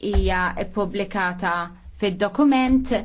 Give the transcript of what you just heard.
hija ppubblikata fid-dokument